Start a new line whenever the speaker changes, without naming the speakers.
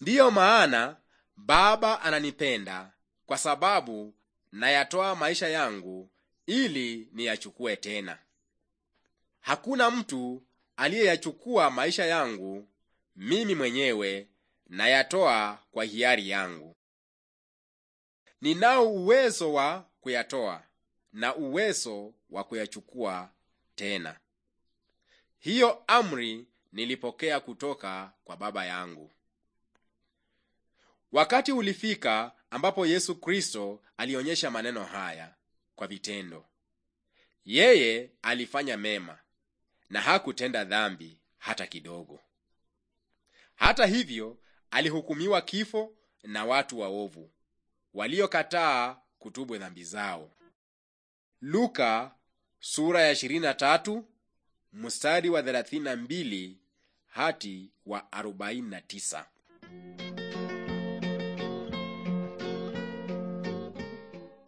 Ndiyo maana Baba ananipenda kwa sababu nayatoa maisha yangu ili niyachukue tena. Hakuna mtu aliyeyachukua maisha yangu, mimi mwenyewe nayatoa kwa hiari yangu. Ninao uwezo wa kuyatoa na uwezo wa kuyachukua tena. Hiyo amri nilipokea kutoka kwa Baba yangu. Wakati ulifika ambapo Yesu Kristo alionyesha maneno haya kwa vitendo. Yeye alifanya mema na hakutenda dhambi hata kidogo. Hata hivyo, alihukumiwa kifo na watu waovu waliokataa kutubu dhambi zao. Luka sura ya 23 mstari wa 32 wa 49.